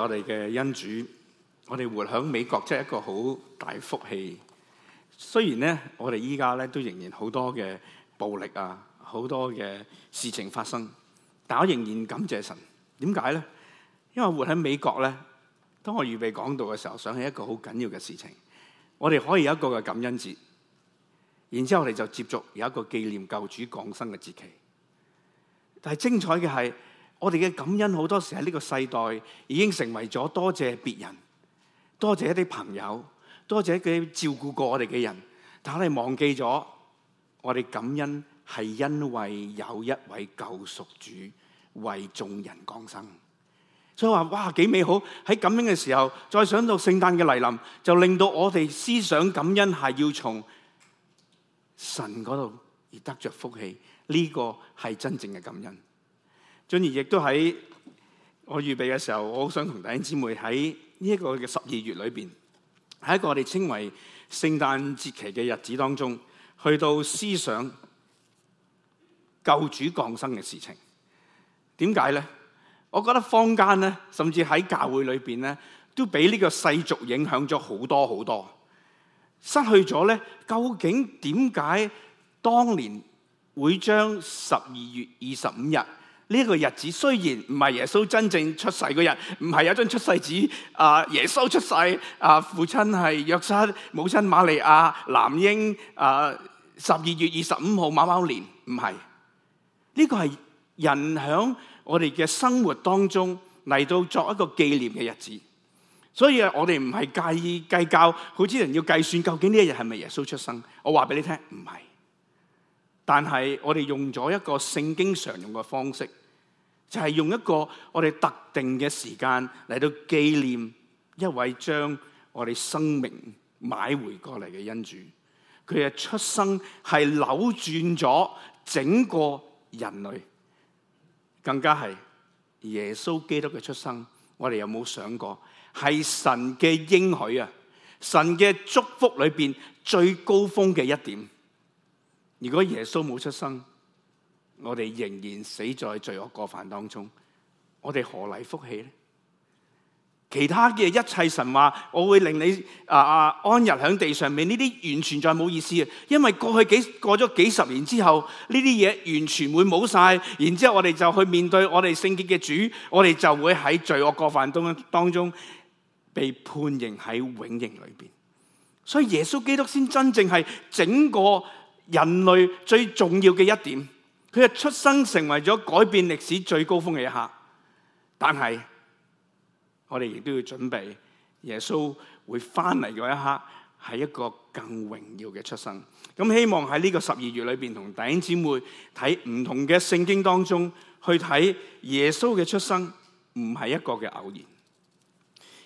我哋嘅恩主，我哋活響美國，真係一個好大福氣。雖然咧，我哋依家咧都仍然好多嘅暴力啊，好多嘅事情發生。但我仍然感謝神。點解咧？因為活喺美國咧，當我預備講道嘅時候，想起一個好緊要嘅事情。我哋可以有一個嘅感恩節，然之後我哋就接續有一個紀念救主降生嘅節期。但係精彩嘅係。我哋嘅感恩好多時喺呢個世代已經成為咗多謝別人，多謝一啲朋友，多謝佢照顧過我哋嘅人，但係忘記咗我哋感恩係因為有一位救贖主為眾人降生，所以話哇，幾美好，喺感恩嘅時候，再想到聖誕嘅嚟臨，就令到我哋思想感恩係要從神嗰度而得着福氣，呢個係真正嘅感恩。進而亦都喺我預備嘅時候，我好想同弟兄姊妹喺呢一個嘅十二月裏邊，喺一個我哋稱為聖誕節期嘅日子當中，去到思想救主降生嘅事情。點解咧？我覺得坊間咧，甚至喺教會裏邊咧，都俾呢個世俗影響咗好多好多，失去咗咧。究竟點解當年會將十二月二十五日？呢個日子雖然唔係耶穌真正出世嘅日，唔係有張出世紙，啊耶穌出世，啊父親係約瑟，母親瑪利亞，男嬰，啊十二月二十五號馬馬年，唔係。呢、這個係人響我哋嘅生活當中嚟到作一個紀念嘅日子，所以啊，我哋唔係介意計較，好多人要計算究竟呢一日係咪耶穌出生，我話俾你聽，唔係。但係我哋用咗一個聖經常用嘅方式，就係用一個我哋特定嘅時間嚟到紀念一位將我哋生命買回過嚟嘅恩主。佢嘅出生係扭轉咗整個人類，更加係耶穌基督嘅出生。我哋有冇想過係神嘅應許啊？神嘅祝福裏面最高峰嘅一點。如果耶穌冇出生，我哋仍然死在罪惡過犯當中，我哋何嚟福氣呢？其他嘅一切神話，我會令你啊，啊安逸喺地上面，呢啲完全就係冇意思嘅。因為過去幾過咗幾十年之後，呢啲嘢完全會冇晒。然之後我哋就去面對我哋聖潔嘅主，我哋就會喺罪惡過犯中當中被判刑喺永刑裏邊。所以耶穌基督先真正係整個。人類最重要嘅一點，佢嘅出生成為咗改變歷史最高峰嘅一刻。但係，我哋亦都要準備耶穌會翻嚟嗰一刻，係一個更榮耀嘅出生。咁希望喺呢個十二月裏邊，同弟兄姊妹睇唔同嘅聖經當中，去睇耶穌嘅出生，唔係一個嘅偶然。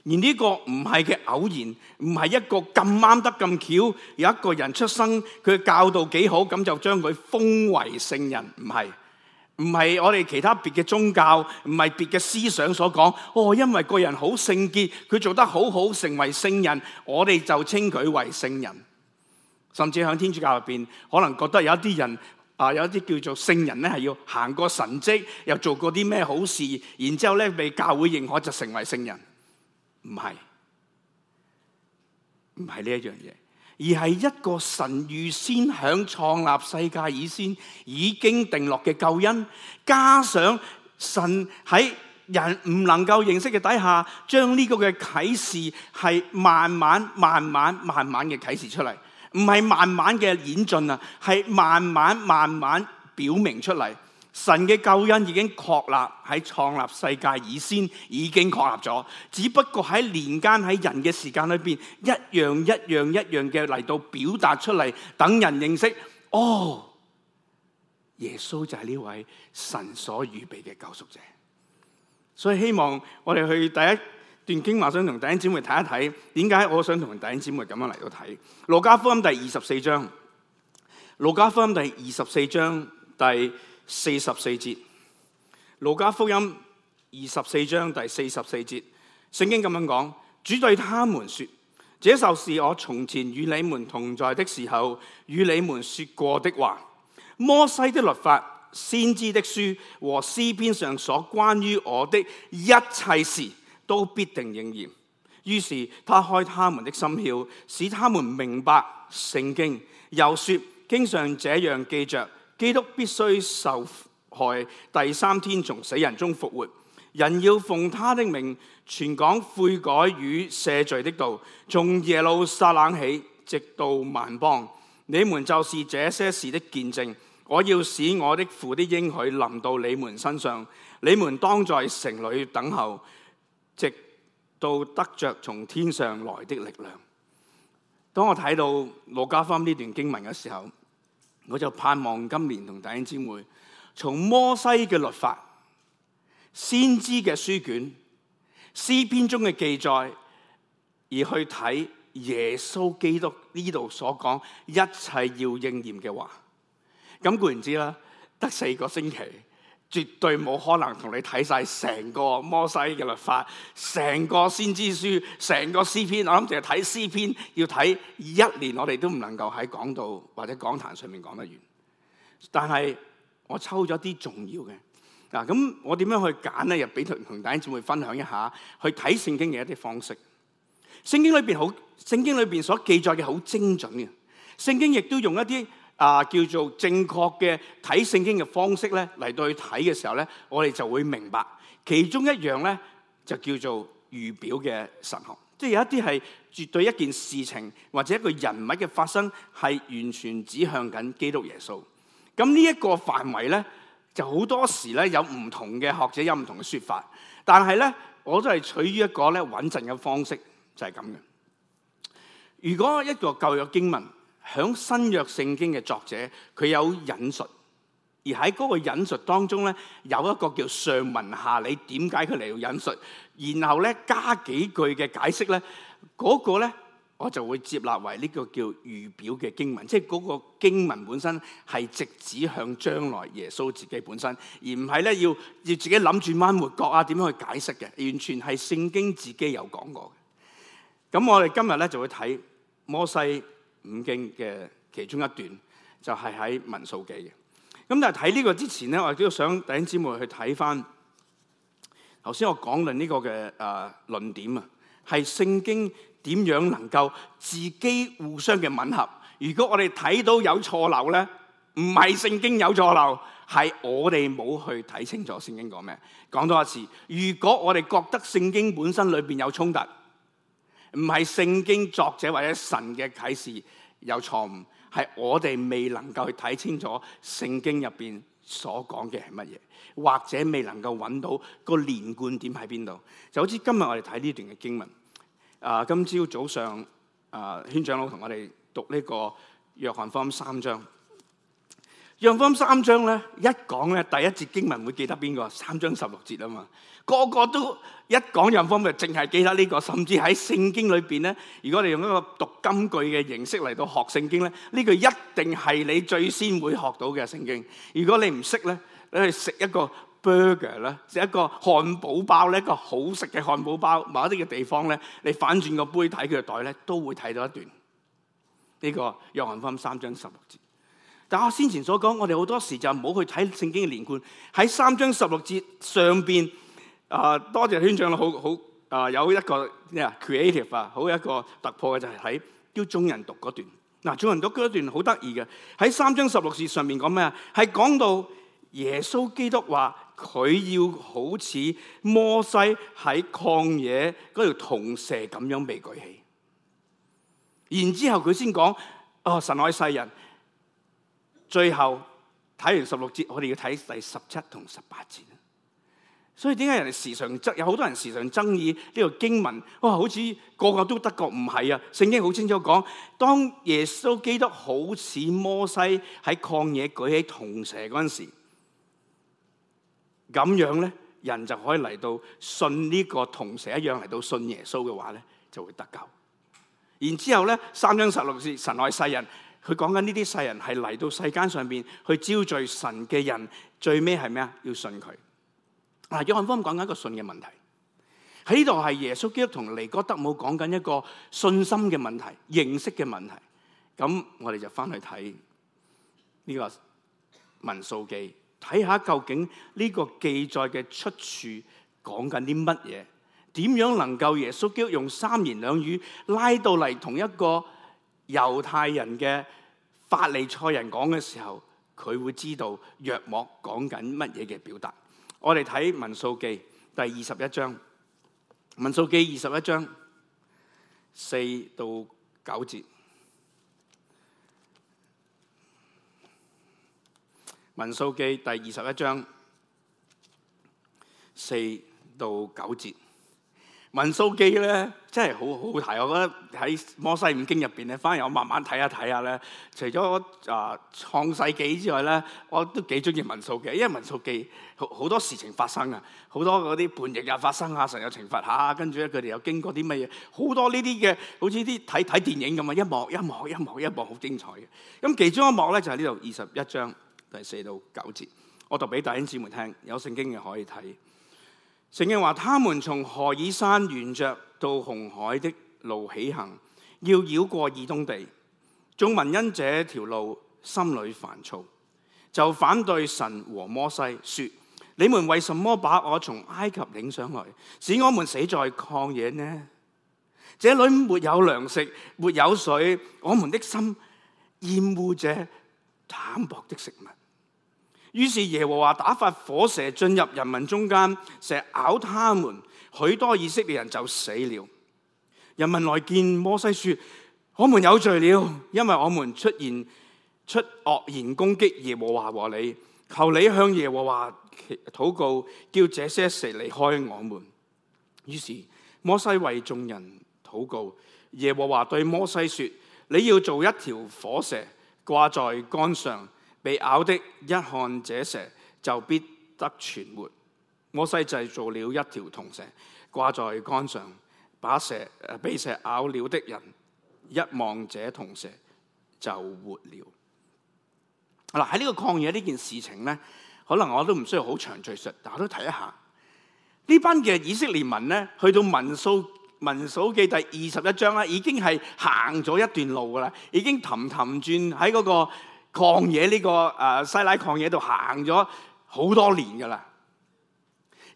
而呢個唔係嘅偶然，唔係一個咁啱得咁巧，有一個人出生，佢教導幾好，咁就將佢封為聖人，唔係，唔係我哋其他別嘅宗教，唔係別嘅思想所講。哦，因為個人好聖潔，佢做得好好，成為聖人，我哋就稱佢為聖人。甚至喺天主教入面，可能覺得有一啲人啊，有一啲叫做聖人咧，係要行過神迹，又做過啲咩好事，然之後咧被教會認可就成為聖人。唔係，唔係呢一樣嘢，而係一個神預先在創立世界以先已經定落嘅救恩，加上神喺人唔能夠認識嘅底下，將呢個嘅啟示係慢慢、慢慢、慢慢嘅啟示出嚟，唔係慢慢嘅演進啊，係慢慢、慢慢表明出嚟。神嘅救恩已經確立，喺創立世界以先已經確立咗，只不過喺年間，喺人嘅時間裏邊，一樣一樣一樣嘅嚟到表達出嚟，等人認識哦。耶穌就係呢位神所預備嘅救贖者，所以希望我哋去第一段經文，想同弟兄姐妹睇一睇，點解我想同弟兄姐妹咁樣嚟到睇《路加福音》第二十四章，《路加福音》第二十四章第四十四節，路加福音二十四章第四十四節，聖經咁樣講：主對他們說，這就是我從前與你們同在的時候，與你們說過的話。摩西的律法、先知的書和詩篇上所關於我的一切事，都必定應驗。於是他開他們的心竅，使他們明白聖經。又說：經上這樣記着。基督必須受害，第三天從死人中復活。人要奉他的名，傳講悔改與赦罪的道，從耶路撒冷起，直到萬邦。你們就是這些事的見證。我要使我的父的應許臨到你們身上。你們當在城裏等候，直到得着從天上來的力量。當我睇到路加福音呢段經文嘅時候，我就盼望今年同弟兄姊妹從摩西嘅律法，先知嘅書卷，詩篇中嘅記載，而去睇耶穌基督呢度所講一切要應驗嘅話。咁固然知啦，得四個星期。絕對冇可能同你睇晒成個摩西嘅律法、成個先知書、成個詩篇。我諗淨係睇詩篇要睇一年，我哋都唔能夠喺講道或者講壇上面講得完。但係我抽咗啲重要嘅嗱，咁我點樣去揀呢？又俾同弟兄姊妹分享一下，去睇聖經嘅一啲方式。聖經裏邊好，聖經裏邊所記載嘅好精準嘅。聖經亦都用一啲。啊，叫做正確嘅睇聖經嘅方式咧，嚟到去睇嘅時候咧，我哋就會明白其中一樣咧，就叫做預表嘅神學，即係有一啲係絕對一件事情或者一個人物嘅發生係完全指向緊基督耶穌。咁呢一個範圍咧，就好多時咧有唔同嘅學者有唔同嘅説法，但係咧我都係取於一個咧穩陣嘅方式，就係咁嘅。如果一個舊約經文，響新約聖經嘅作者，佢有引述，而喺嗰個引述當中咧，有一個叫上文下理，點解佢嚟，用引述，然後咧加幾句嘅解釋咧，嗰個咧我就會接納為呢個叫預表嘅經文，即係嗰個經文本身係直指向將來耶穌自己本身，而唔係咧要要自己諗住彎抹角啊，點樣去解釋嘅，完全係聖經自己有講過。咁我哋今日咧就會睇摩西。五經嘅其中一段就係、是、喺民數記嘅。咁但係睇呢個之前咧，我亦都想弟兄姊妹去睇翻頭先我講論呢個嘅誒論點啊，係聖經點樣能夠自己互相嘅吻合？如果我哋睇到有錯漏咧，唔係聖經有錯漏，係我哋冇去睇清楚聖經講咩。講多一次，如果我哋覺得聖經本身裏邊有衝突。唔係聖經作者或者神嘅啟示有錯誤，係我哋未能夠去睇清楚聖經入邊所講嘅係乜嘢，或者未能夠揾到個連貫點喺邊度。就好似今日我哋睇呢段嘅經文，啊，今朝早，早上啊，宣長老同我哋讀呢、呢個約翰福音三章。約翰福音三章咧，一講咧，第一節經文會記得邊個？三章十六節啊嘛，個個都一講約翰福音，咪淨係記得呢個。甚至喺聖經裏邊咧，如果你用一個讀金句嘅形式嚟到學聖經咧，呢個一定係你最先會學到嘅聖經。如果你唔識咧，你去食一個 burger 啦，食一個漢堡包咧，一個好食嘅漢堡包，某一啲嘅地方咧，你反轉個杯睇佢嘅袋咧，都會睇到一段呢個約翰福音三章十六節。但我先前所講，我哋好多時就唔好去睇聖經嘅連貫。喺三章十六節上邊，啊、呃、多謝宣長好好啊有一個咩啊 creative 啊，好一個突破嘅就係喺叫眾人讀嗰段。嗱、啊，眾人讀嗰段好得意嘅。喺三章十六節上面講咩啊？係講到耶穌基督話佢要好似摩西喺曠野嗰條銅蛇咁樣被舉起，然之後佢先講：哦，神愛世人。最後睇完十六節，我哋要睇第十七同十八節。所以點解人哋時常有好多人時常爭議呢個經文？哇、哦，好似個個都得救唔係啊？聖經好清楚講，當耶穌基督好似摩西喺曠野舉起銅蛇嗰陣時，咁樣咧，人就可以嚟到信呢個銅蛇一樣嚟到信耶穌嘅話咧，就會得救。然之後咧，三章十六節，神愛世人。佢講緊呢啲世人係嚟到世間上邊去朝聚神嘅人，最尾係咩啊？要信佢。嗱，約翰福音講緊一個信嘅問題，喺呢度係耶穌基督同尼哥德姆講緊一個信心嘅問題、認識嘅問題。咁我哋就翻去睇呢個民數記，睇下究竟呢個記載嘅出處講緊啲乜嘢，點樣能夠耶穌基督用三言兩語拉到嚟同一個？猶太人嘅法利賽人講嘅時候，佢會知道約莫講緊乜嘢嘅表達。我哋睇民數記第二十一章，民數記二十一章四到九節，民數記第二十一章四到九節。民數記咧真係好好睇，我覺得喺《摩西五經》入邊咧，反而我慢慢睇下睇下咧，除咗啊、呃、創世紀之外咧，我都幾中意民數記，因為民數記好好多事情發生啊，好多嗰啲叛逆又發生下，成日懲罰下，跟住咧佢哋又經過啲乜嘢，好多呢啲嘅，好似啲睇睇電影咁啊，一幕一幕一幕一幕好精彩嘅。咁其中一幕咧就係呢度二十一章第四到九節，我讀俾弟兄姊妹聽，有聖經嘅可以睇。聖經話：他們從何以山沿着到紅海的路起行，要繞過以東地。眾民因這條路心裏煩躁，就反對神和摩西，說：你們為什麼把我從埃及領上來，使我們死在曠野呢？這裏沒有糧食，沒有水，我們的心厭惡這淡薄的食物。於是耶和華打發火蛇進入人民中間，蛇咬他們，許多以色列人就死了。人民來見摩西說：我們有罪了，因為我們出現出惡言攻擊耶和華和你，求你向耶和華禱告，叫這些蛇離開我們。於是摩西為眾人禱告，耶和華對摩西說：你要做一條火蛇掛在桿上。被咬的一看這蛇就必得存活。摩西製造了一條銅蛇掛在杆上，把蛇被蛇咬了的人一望這銅蛇就活了。嗱喺呢個曠野呢件事情呢，可能我都唔需要好詳細敘述，但係我都睇一下呢班嘅以色列民呢，去到民數民數記第二十一章啦，已經係行咗一段路噶啦，已經氹氹轉喺嗰個。曠野呢、這個誒、呃、西乃曠野度行咗好多年噶啦，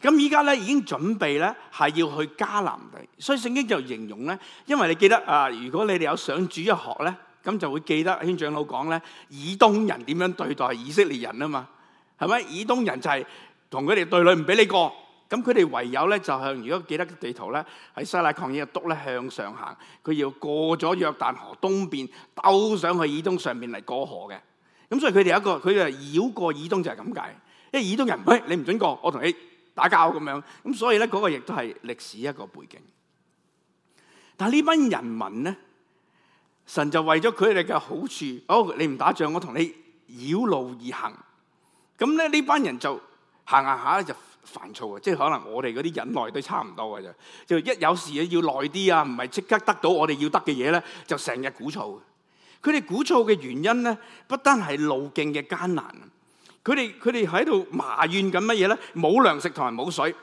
咁依家咧已經準備咧係要去加南地，所以聖經就形容咧，因為你記得啊、呃，如果你哋有上主日學咧，咁就會記得聽長老講咧，以東人點樣對待以色列人啊嘛，係咪？以東人就係同佢哋對立，唔俾你過。咁佢哋唯有咧就係，如果記得地圖咧，喺西乃曠野督咧向上行，佢要過咗約旦河東邊兜上去以東上面嚟過河嘅。咁所以佢哋有一個佢哋繞過以東就係咁解，因為以東人，喂、哎、你唔准過，我同你打交咁樣。咁所以咧嗰，那個亦都係歷史一個背景。但係呢班人民咧，神就為咗佢哋嘅好處，哦，你唔打仗，我同你繞路而行。咁咧呢班人就行行下咧就。煩躁啊！即係可能我哋嗰啲忍耐都差唔多嘅啫。就一有事啊，要耐啲啊，唔係即刻得到我哋要得嘅嘢咧，就成日鼓噪。佢哋鼓噪嘅原因咧，不單係路徑嘅艱難。佢哋佢哋喺度埋怨緊乜嘢咧？冇糧食同埋冇水。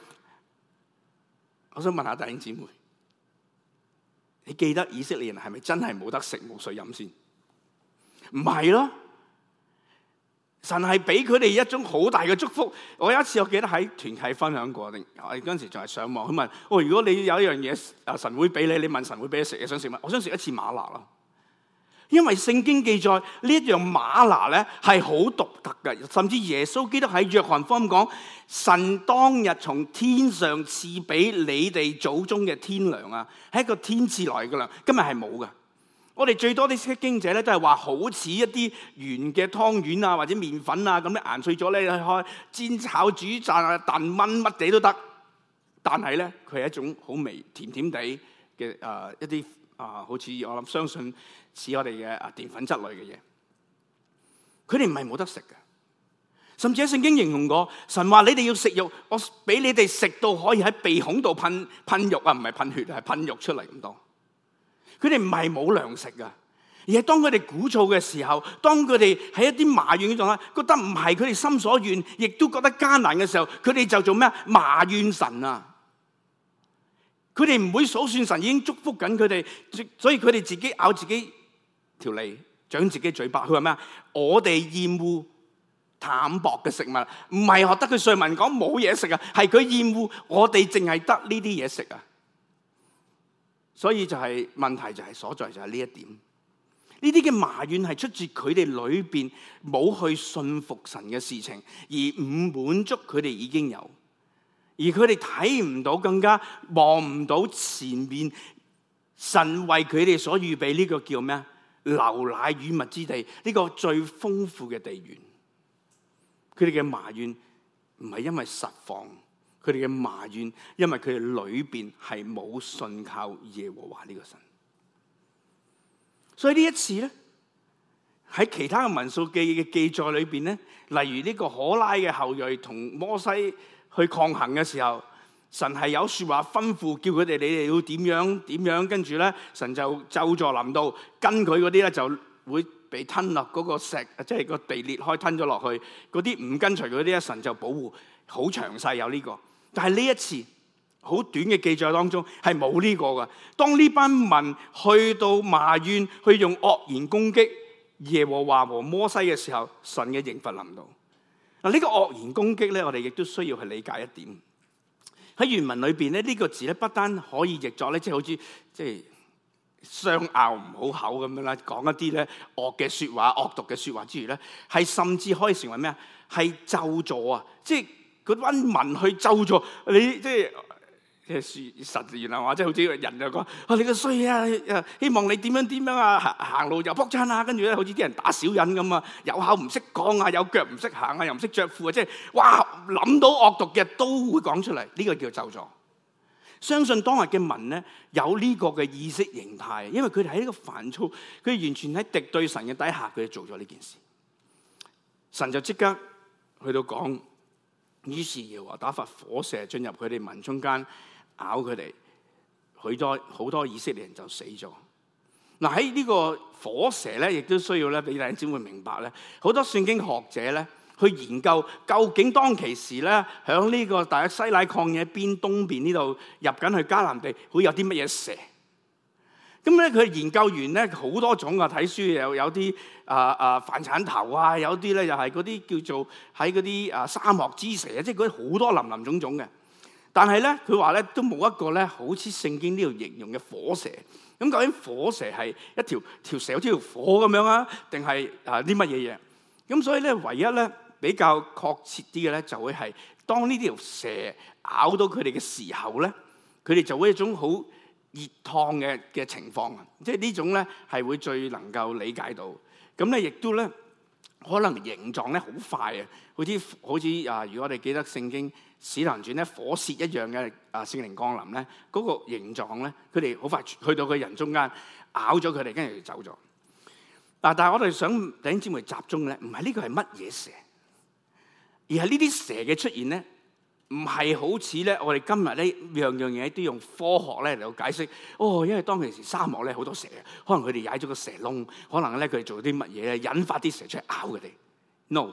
我想問下弟兄姊妹，你記得以色列人係咪真係冇得食冇水飲先？唔係咯。神係俾佢哋一種好大嘅祝福。我有一次我記得喺團契分享過，定我嗰陣時仲係上網，去問：，哦，如果你有一樣嘢，啊神會俾你，你問神會俾你食嘢，想食乜？我想食一次馬拿啦。因為聖經記載呢一樣馬拿咧係好獨特嘅，甚至耶穌基督喺約翰福音講，神當日從天上賜俾你哋祖宗嘅天糧啊，係一個天賜來嘅糧，今日係冇嘅。我哋最多啲食經者咧，都係話好似一啲圓嘅湯圓啊，或者麵粉啊咁樣硬碎咗咧，去煎炒煮炸燉炆乜嘢都得。但係咧，佢係一種好微甜甜地嘅啊一啲啊、呃，好似我諗相信似我哋嘅啊澱粉質類嘅嘢。佢哋唔係冇得食嘅，甚至喺聖經形容過，神話你哋要食肉，我俾你哋食到可以喺鼻孔度噴噴肉啊，唔係噴血，係噴肉出嚟咁多。佢哋唔係冇糧食噶，而係當佢哋鼓噪嘅時候，當佢哋喺一啲埋怨嘅狀態，覺得唔係佢哋心所願，亦都覺得艱難嘅時候，佢哋就做咩啊？埋怨神啊！佢哋唔會數算神已經祝福緊佢哋，所以佢哋自己咬自己條脷，掌自己嘴巴。佢話咩啊？我哋厭惡淡薄嘅食物，唔係學得佢上文講冇嘢食啊，係佢厭惡我哋淨係得呢啲嘢食啊！所以就係、是、問題就係、是、所在就係呢一點，呢啲嘅埋怨係出自佢哋裏邊冇去信服神嘅事情，而唔滿足佢哋已經有，而佢哋睇唔到，更加望唔到前面神為佢哋所預備呢個叫咩啊？牛奶與蜜之地，呢、這個最豐富嘅地緣。佢哋嘅埋怨唔係因為失望。佢哋嘅埋怨，因為佢哋裏邊係冇信靠耶和華呢個神。所以呢一次咧，喺其他嘅民數記嘅記載裏邊咧，例如呢個可拉嘅後裔同摩西去抗衡嘅時候，神係有説話吩咐，叫佢哋你哋要點樣點樣，跟住咧神就咒詛臨到，跟佢嗰啲咧就會被吞落嗰個石，即係個地裂開吞咗落去。嗰啲唔跟隨嗰啲咧，神就保護，好詳細有呢個。但係呢一次好短嘅記載當中係冇呢個㗎。當呢班民去到埋怨，去用惡言攻擊耶和華和摩西嘅時候，神嘅刑罰臨到。嗱、這個，呢個惡言攻擊咧，我哋亦都需要去理解一點。喺原文裏邊咧，呢、這個字咧不單可以譯作咧，即、就、係、是、好似即係相拗唔好口咁樣啦，講一啲咧惡嘅說話、惡毒嘅說話之餘咧，係甚至可以成為咩啊？係咒詛啊！即、就、係、是。佢瘟民去咒助，你，即係實現啊嘛，即係好似人就講，啊，你個衰啊！希望你點樣點樣啊，行，行路又卜親啊，跟住咧，好似啲人打小人咁啊！有口唔識講啊，有腳唔識行啊，又唔識着褲啊，即係哇！諗到惡毒嘅都會講出嚟，呢個叫咒助。相信當日嘅民咧有呢個嘅意識形態，因為佢哋喺呢個煩躁，佢哋完全喺敵對神嘅底下，佢哋做咗呢件事。神就即刻去到講。於是要打發火蛇進入佢哋民中間咬佢哋，許多好多以色列人就死咗。嗱喺呢個火蛇咧，亦都需要咧，俾大家先會明白咧。好多聖經學者咧去研究，究竟當其時咧，喺呢個大西乃曠野邊東邊呢度入緊去迦南地，會有啲乜嘢蛇？咁咧佢研究完咧好多種看、呃、啊，睇書，又有啲啊啊飯鏟頭啊，有啲咧又係嗰啲叫做喺嗰啲啊沙漠之蛇啊，即係嗰啲好多林林種種嘅。但係咧佢話咧都冇一個咧好似聖經呢度形容嘅火蛇。咁究竟火蛇係一條條蛇有條火咁樣啊，定係啊啲乜嘢嘢？咁所以咧唯一咧比較確切啲嘅咧就會係當呢條蛇咬到佢哋嘅時候咧，佢哋就會一種好熱燙嘅嘅情況啊，即係呢種咧係會最能夠理解到的。咁咧，亦都咧可能形狀咧好快啊，好似好似啊！如果我哋記得聖經《使徒行傳》咧，火舌一樣嘅啊，聖靈降臨咧，嗰、那個形狀咧，佢哋好快去到佢人中間咬咗佢哋，跟住就走咗。嗱，但係我哋想弟兄姊妹集中咧，唔係呢個係乜嘢蛇，而係呢啲蛇嘅出現咧。唔係好似咧，我哋今日呢樣樣嘢都用科學咧嚟到解釋。哦，因為當其時沙漠咧好多蛇，可能佢哋踩咗個蛇窿，可能咧佢哋做啲乜嘢咧，引發啲蛇出嚟咬佢哋。No，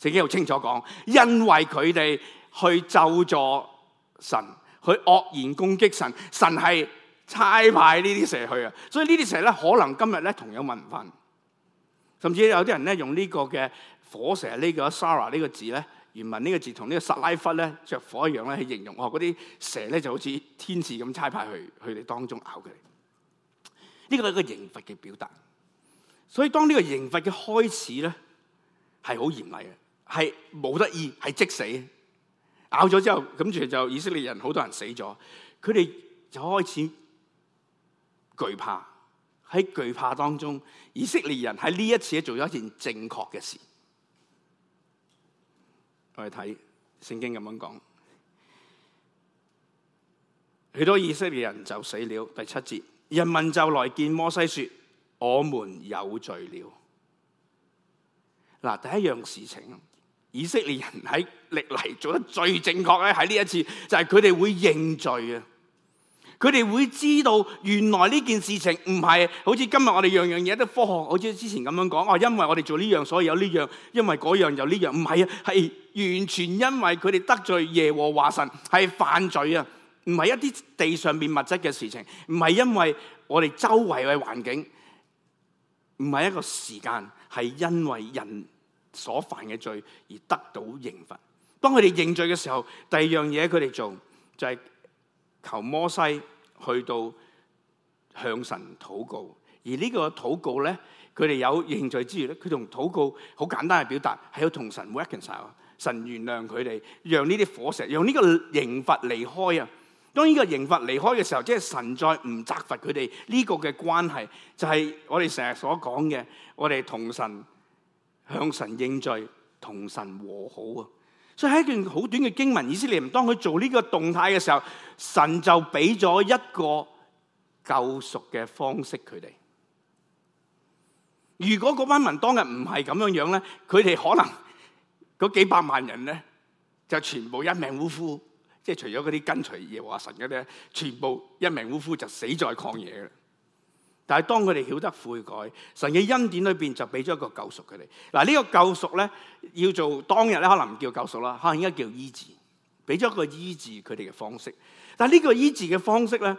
聖經好清楚講，因為佢哋去咒助神，去惡言攻擊神，神係差派呢啲蛇去啊。所以呢啲蛇咧，可能今日咧同樣問唔翻。甚至有啲人咧用呢個嘅火蛇呢個 Sara 呢個字咧。原文呢個字同呢個撒拉弗咧着火一樣咧，去形容我嗰啲蛇咧就好似天使咁差派去，佢哋當中咬佢。呢個係一個刑罰嘅表達，所以當呢個刑罰嘅開始咧係好嚴厲嘅，係冇得意，係即死的。咬咗之後，跟住就以色列人好多人死咗，佢哋就開始懼怕。喺懼怕當中，以色列人喺呢一次做咗一件正確嘅事。我哋睇聖經咁樣講，許多以色列人就死了。第七節，人民就來見摩西說：我們有罪了。嗱，第一樣事情，以色列人喺歷來做得最正確嘅，係呢一次就係佢哋會認罪佢哋會知道原來呢件事情唔係好似今日我哋樣樣嘢都科學，好似之前咁樣講。哦，因為我哋做呢樣，所以有呢樣；因為嗰樣有呢樣。唔係啊，係完全因為佢哋得罪耶和華神，係犯罪啊，唔係一啲地上面物質嘅事情，唔係因為我哋周圍嘅環境，唔係一個時間，係因為人所犯嘅罪而得到刑罰。當佢哋認罪嘅時候，第二樣嘢佢哋做就係、是。求摩西去到向神禱告，而呢個禱告咧，佢哋有認罪之餘咧，佢同禱告好簡單嘅表達係要同神 reconcile，神原諒佢哋，讓呢啲火石，讓呢個刑罰離開啊！當呢個刑罰離開嘅時候，即係神再唔責罰佢哋，呢個嘅關係就係我哋成日所講嘅，我哋同神向神認罪，同神和好啊！所以係一段好短嘅經文，以色列人當佢做呢個動態嘅時候，神就俾咗一個救贖嘅方式佢哋。如果嗰班民當日唔係咁樣樣咧，佢哋可能嗰幾百萬人咧就全部一命嗚呼，即係除咗嗰啲跟隨耶和華神嗰啲，全部一命嗚呼就死在曠野。但係當佢哋曉得悔改，神嘅恩典裏邊就俾咗一個救贖佢哋。嗱、這、呢個救贖咧，要做當日咧可能唔叫救贖啦，可能應該叫醫治，俾咗一個醫治佢哋嘅方式。但係呢個醫治嘅方式咧，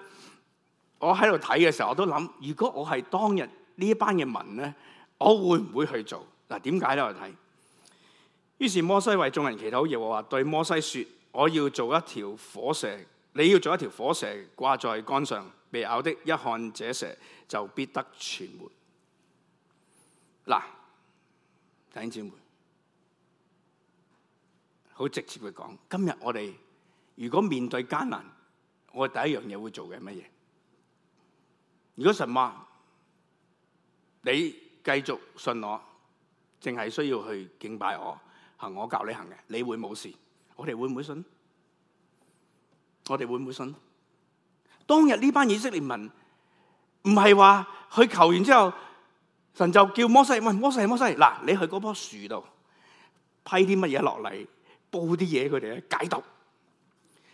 我喺度睇嘅時候我都諗，如果我係當日呢一班嘅民咧，我會唔會去做？嗱，點解咧？我睇。於是摩西為眾人祈禱，耶和華對摩西說：我要做一條火蛇，你要做一條火蛇掛在杆上。被咬的，一看這蛇就必得存活。嗱，弟兄姊妹，好直接嘅講，今日我哋如果面對艱難，我第一樣嘢會做嘅係乜嘢？如果神話你繼續信我，淨係需要去敬拜我，行我教你行嘅，你會冇事。我哋會唔會信？我哋會唔會信？.當日呢班以色列民唔係話去求完之後，神就叫摩西，問摩西，摩西嗱，你去嗰樖樹度批啲乜嘢落嚟，煲啲嘢佢哋去解毒，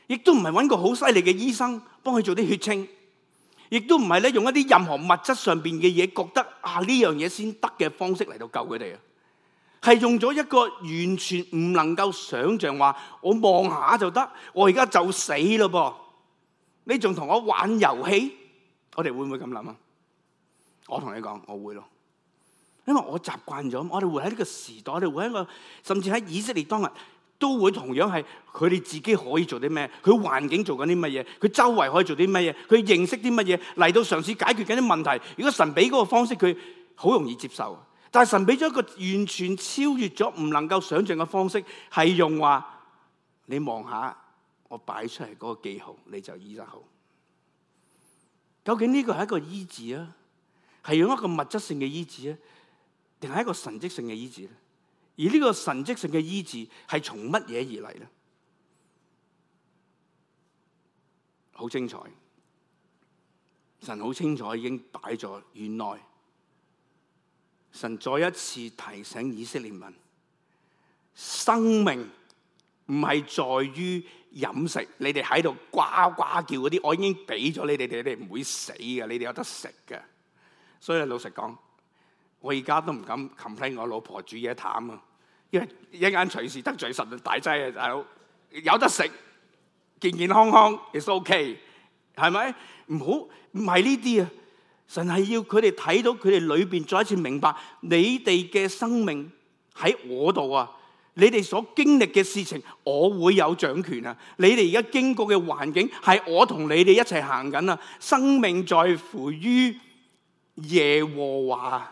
亦都唔係揾個好犀利嘅醫生幫佢做啲血清，亦都唔係咧用一啲任何物質上邊嘅嘢，覺得啊，呢樣嘢先得嘅方式嚟到救佢哋啊，係用咗一個完全唔能夠想象話，我望下就得，我而家就死咯噃。你仲同我玩遊戲，我哋會唔會咁諗啊？我同你講，我會咯，因為我習慣咗。我哋會喺呢個時代，我哋活喺個，甚至喺以色列當日，都會同樣係佢哋自己可以做啲咩？佢環境做緊啲乜嘢？佢周圍可以做啲乜嘢？佢認識啲乜嘢嚟到嘗試解決緊啲問題？如果神俾嗰個方式，佢好容易接受啊。但係神俾咗一個完全超越咗唔能夠想象嘅方式，係用話，你望下。我擺出嚟嗰個記號，你就醫得好。究竟呢個係一個醫治啊？係用一個物質性嘅醫治啊？定係一個神蹟性嘅醫治咧？而呢個神蹟性嘅醫治係從乜嘢而嚟咧？好精彩！神好清楚已經擺咗。原來神再一次提醒以色列民：生命。唔係在於飲食，你哋喺度呱呱叫嗰啲，我已經俾咗你哋，你哋唔會死嘅，你哋有得食嘅。所以老實講，我而家都唔敢 complain 我老婆煮嘢淡啊，因為一間隨時得罪神大劑啊，大佬，有得食，健健康康，is OK，係咪？唔好唔係呢啲啊，神係要佢哋睇到佢哋裏邊再一次明白，你哋嘅生命喺我度啊。你哋所經歷嘅事情，我會有掌權啊！你哋而家經過嘅環境係我同你哋一齊行緊啊！生命在乎於耶和華，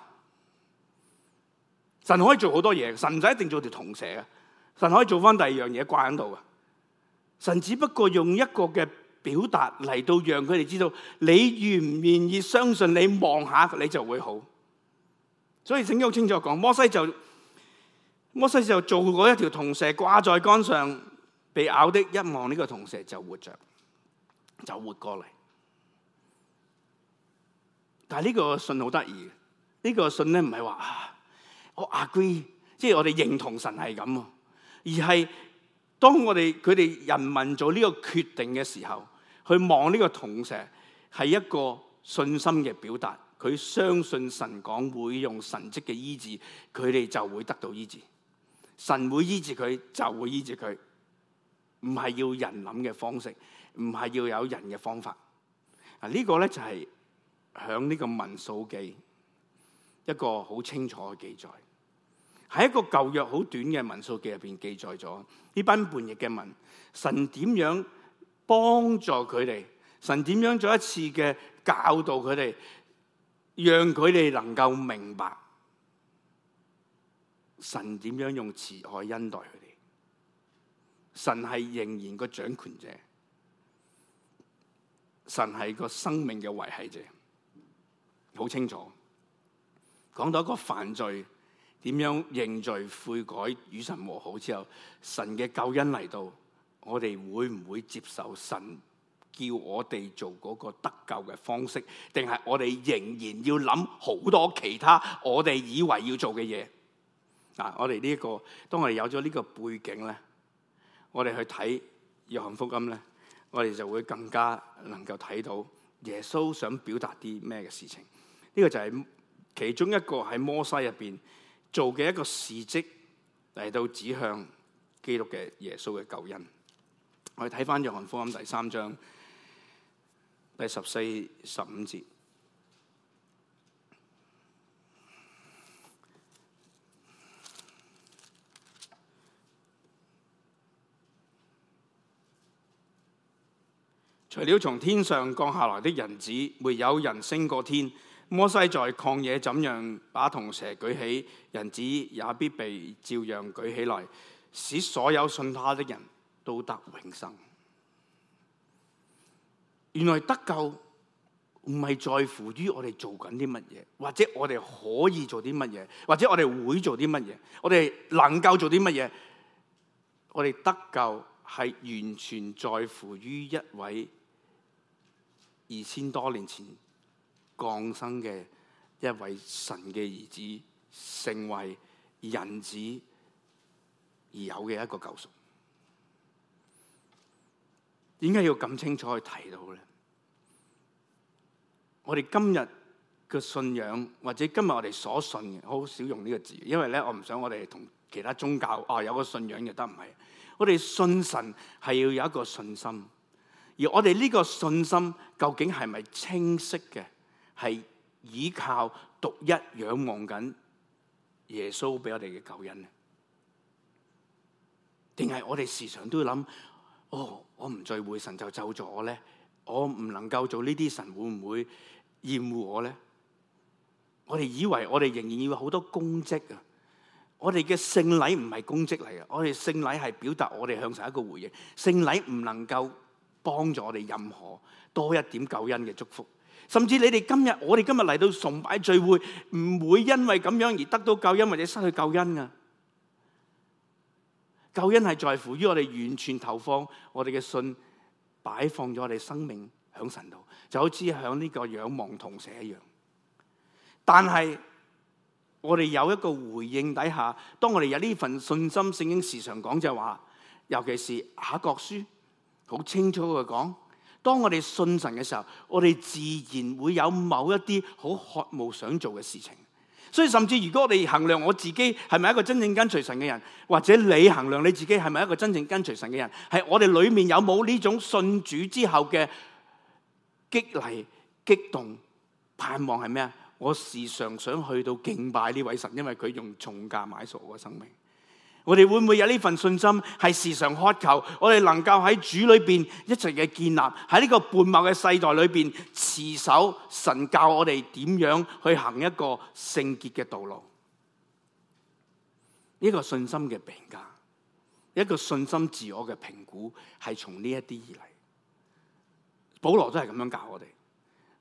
神可以做好多嘢，神唔使一定做一條銅蛇，神可以做翻第二樣嘢掛喺度啊！神只不過用一個嘅表達嚟到讓佢哋知道，你願唔願意相信，你望下你就會好。所以聖經清楚講，摩西就。我細時候做過一條銅蛇掛在桿上，被咬的一望呢個銅蛇就活着，就活過嚟。但係呢個信好得意，呢、這個信咧唔係話啊，我阿 g r e e 即係我哋認同神係咁，而係當我哋佢哋人民做呢個決定嘅時候，去望呢個銅蛇係一個信心嘅表達，佢相信神講會用神蹟嘅醫治，佢哋就會得到醫治。神會醫治佢，就會醫治佢，唔係要人諗嘅方式，唔係要有人嘅方法。啊、這個，呢、就是、個咧就係響呢個民數記一個好清楚嘅記載，喺一個舊約好短嘅民數記入邊記載咗呢班叛逆嘅民，神點樣幫助佢哋？神點樣做一次嘅教導佢哋，讓佢哋能夠明白。神點樣用慈愛恩待佢哋？神係仍然個掌權者，神係個生命嘅維繫者，好清楚。講到一個犯罪點樣認罪悔改與神和好之後，神嘅救恩嚟到，我哋會唔會接受神叫我哋做嗰個得救嘅方式？定係我哋仍然要諗好多其他我哋以為要做嘅嘢？嗱，我哋呢一個，當我哋有咗呢個背景咧，我哋去睇《約翰福音》咧，我哋就會更加能夠睇到耶穌想表達啲咩嘅事情。呢個就係其中一個喺摩西入邊做嘅一個事蹟嚟到指向基督嘅耶穌嘅救恩。我哋睇翻《約翰福音》第三章第十四、十五節。除了從天上降下來的人子，沒有人升過天。摩西在曠野怎樣把銅蛇舉起，人子也必被照樣舉起來，使所有信他的人都得永生。原來得救唔係在乎於我哋做緊啲乜嘢，或者我哋可以做啲乜嘢，或者我哋會做啲乜嘢，我哋能夠做啲乜嘢，我哋得救係完全在乎於一位。二千多年前降生嘅一位神嘅兒子，成為人子而有嘅一個救贖，點解要咁清楚去提到咧？我哋今日嘅信仰，或者今日我哋所信嘅，好少用呢個字，因為咧，我唔想我哋同其他宗教哦有個信仰亦都唔係，我哋信神係要有一個信心。而我哋呢個信心究竟係咪清晰嘅？係倚靠獨一仰望緊耶穌俾我哋嘅救恩咧？定係我哋時常都諗：哦，我唔聚會，神就咒咗我咧。我唔能夠做呢啲，神會唔會厭惡我咧？我哋以為我哋仍然要好多功績啊！我哋嘅聖禮唔係功績嚟嘅，我哋聖禮係表達我哋向神一個回應。聖禮唔能夠。幫咗我哋任何多一點救恩嘅祝福，甚至你哋今日我哋今日嚟到崇拜聚會，唔會因為咁樣而得到救恩或者失去救恩噶。救恩係在乎於我哋完全投放我哋嘅信，擺放咗我哋生命響神度，就好似響呢個仰望銅蛇一樣。但係我哋有一個回應底下，當我哋有呢份信心，聖經時常講就係話，尤其是雅各書。好清楚嘅講，當我哋信神嘅時候，我哋自然會有某一啲好渴望想做嘅事情。所以甚至如果我哋衡量我自己係咪一個真正跟隨神嘅人，或者你衡量你自己係咪一個真正跟隨神嘅人，係我哋裏面有冇呢種信主之後嘅激勵、激動、盼望係咩啊？我時常想去到敬拜呢位神，因為佢用重價買咗我嘅生命。我哋會唔會有呢份信心？係時常渴求我哋能夠喺主裏邊一齊嘅建立，喺呢個悖謬嘅世代裏邊持守神教我哋點樣去行一個聖潔嘅道路？呢個信心嘅評價，一個信心自我嘅評估，係從呢一啲而嚟。保羅都係咁樣教我哋，